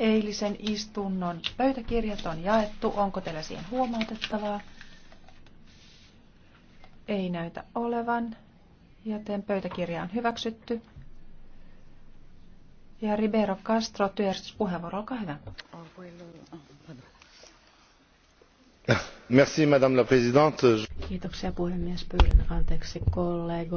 Eilisen istunnon pöytäkirjat on jaettu. Onko teillä siihen huomautettavaa? Ei näytä olevan, joten pöytäkirja on hyväksytty. Ja Ribeiro Castro, työjärjestyspuheenvuoro, olkaa hyvä. Merci, madame la présidente. Kiitoksia puhemies. Pyydän anteeksi kollegoille.